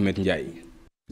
Ahmed Ndiaye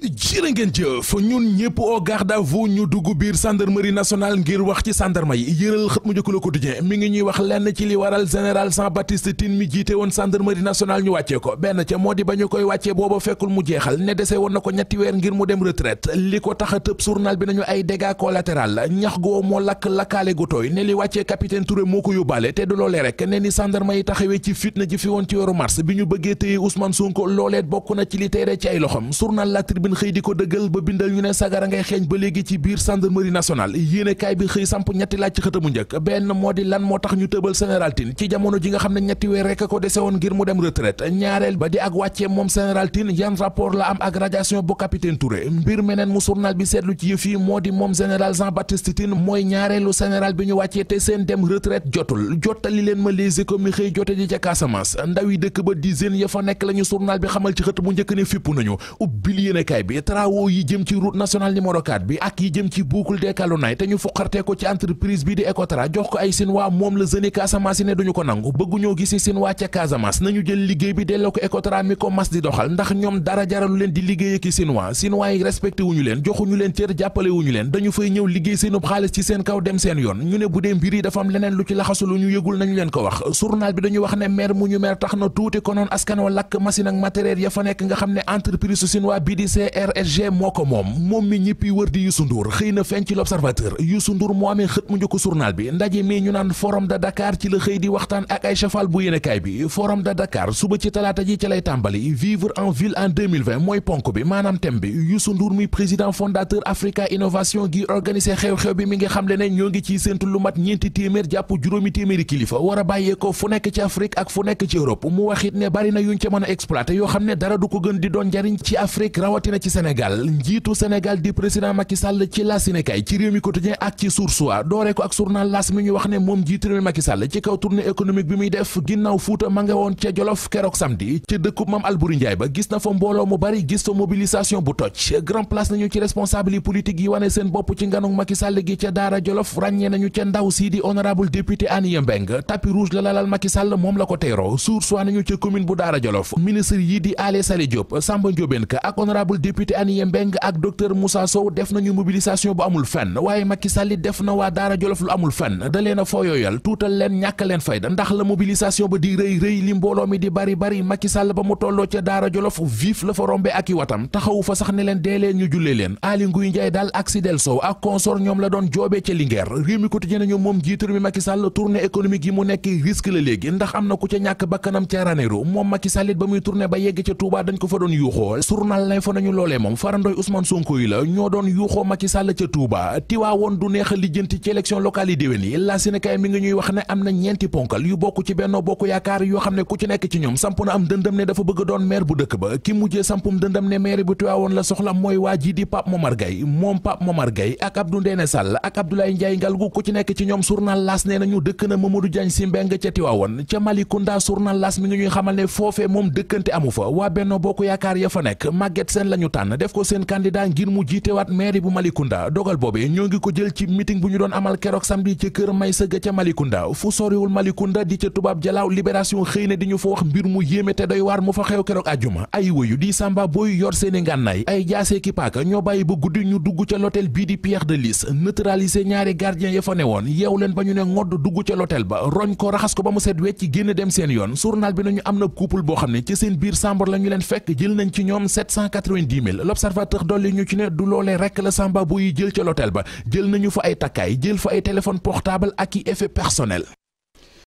jirë ngeen jëf ñun ñëpp au garde à vous ñu dugg biir gendarmerie national ngir wax ci gendarme yi yëral xët mu njëkk Le Quotidien mi ngi ñuy wax lenn ci li waral général san Baptiste Tine mi jiite woon gendarmerie national ñu wàccee ko benn ca moo di ba ñu koy wàccee booba fekkul mu jeexal ne dese woon na ko ñetti weer ngir mu dem retraite li ko tax a tëb journal bi nañu ay dégâts collatéral la ñax goo moo lakk lakkaale gu tooy ne li wàccee capitaine Touré moo ko yóbbaale te du loolee rek ne ni gendarme yi taxawee ci fitna ji fi woon ci weeru mars bi ñu bëggee téye Ousmane Sonko looleet bokk na ci li teeree ci ay loxom journal tribune xëy di ko dëggal ba bindal ñu ne sagara ngay xeeñ ba léegi ci biir gendarmerie nationale yéene kaay bi xëy samp ñetti laaj ci xëtamu njëkk benn moo di lan moo tax ñu tëbal général Tine ci jamono ji nga xam ne ñetti weer rek ko dese woon ngir mu dem retraite ñaareel ba di ak wàccee moom général Tine yan rapport la am ak radiation bu capitaine Touré mbir meneen mu journal bi seetlu ci yëf yi moo di moom général Jean Baptiste Tine mooy ñaareelu général bi ñu wàccee te seen dem retraite jotul jottali leen ma les écoles mi xëy jote ji ca Casamance ba dizaine ya fa nekk la ñu journal bi xamal ci xët mu njëkk ne yéenekaay bi travaux yi jëm ci route nationale numéro bi ak yi jëm ci boucle des Calounaye te ñu fuqartee ko ci entreprise bi di Ecotra jox ko ay Sinwaa moom la jeunes Casamance ne duñu ko nangu bëgguñoo gisi Sinwaa ca Casamance nañu jël liggéey bi delloo ko Ecotra mi ko mas di doxal ndax ñoom dara jaralu leen di liggéey ak Sinwaa Sinwaa yi respecté leen joxuñu leen cër jàppale leen dañu fay ñëw liggéey seenub xaalis ci seen kaw dem seen yoon CRSG moo ko moom moom mi ñëppi wër di Youssou Ndour xëy na feeñ ci l'observateur Youssou Ndour moo amee xët mu njëkk journal bi ndaje mi ñu naan forum de Dakar ci la xëy di waxtaan ak Aïcha Fall bu yéenekaay bi forum de Dakar suba ci talaata ji ci lay tàmbali vivre en ville en 2020 mooy ponk bi maanaam thème bi Youssou Ndour mi président fondateur Africa Innovation gi organiser xew-xew bi mi ngi xamle ne ñoo ngi ciy séntu lu mat ñeenti téeméer jàpp juróomi téeméeri kilifa war a bàyyeekoo fu nekk ci ne bari na yoo xam ne dara du ko gën rawatina ci Sénégal njiitu Sénégal di président Macky Sall ci la Sénégal ci réew mi quotidien ak ci Source A dooree ko ak journal L'As ci kaw tournée économique bi nañu ci responsable yi politique yi wane seen bopp ci nganug Macky Sall gi ca Daara Jolof ràññee nañu ca ndaw sii di honorable député Annie Mbeng tapis rouge la lalal Macky Sall moom la ko teyroo Source A nañu ca commune bu Daara Jolof ministre yi di Aly Saleh Diop Samba Ndiobène Ka ak honorable amul député Aniye Mbeng ak docteur Moussa Sow def nañu mobilisation bu amul fenn waaye Macky Sall def na waa Daara Jolof lu amul fenn da leen a fooyooyal tuutal leen ñàkk leen fayda ndax la mobilisation ba di rëy rëy li mbooloo mi di bari bari Macky Sall ba mu tolloo ca Daara Jolof vif la fa rombe ak i watam taxawu fa sax ne leen dee leen ñu jullee leen Aly Ngouille Ndiaye daal ak Sidel Sow ak consort ñoom la doon joobee ca Linguère réew mi quotidien nañu moom jiitu mi Macky Sall tournée économique yi mu nekk risque léegi ndax am na ku ca ñàkk bakkanam ca Ranérou moom Macky Sall it ba muy tournée ba yegg ca Touba dañ ko fa doon yuuxoo ñu loolee moom farandoy Ousmane Sonko yi la ñoo doon yuuxoo Macky Sall ca Touba Tiwaawoon du neex a lijjanti ci élection locale yi déwén yi la Sénégal mi ngi ñuy wax ne am na ñeenti ponkal yu bokk ci Benno Bokk Yaakaar ya fa nekk Maguette la lañu tànn def ko seen candidat ngir mu jiitewaat mairie bu Malicounda dogal boobee ñoo ngi ko jël ci meeting bu ñu doon amal keroog samedi ca kër may sëgg ca Malicounda fu soriwul Malicounda di ca tubaab jalaaw libération xëy na di ñu fa wax mbir mu yéeme te doy waar mu fa xew keroog àjjuma ay wëyu di samba booy yor seeni ngànnaay ay jaasee paaka ñoo bàyyi ba guddi ñu dugg ca l'hôtel bii di Pierre de Lys neutraliser ñaari gardien ya fa ne woon yeew leen ba dugg ca l'hôtel ba roñ ko raxas ko ba mu yoon journal bi xam ne ci seen nañ ci ñoom 780 dix mille l'observateur dolli ñu ci ne du loolee rekk la samba bu yi jël ca l'hôtel ba jël nañu fa ay takkaay jël fa ay téléphone portable ak i effet personnel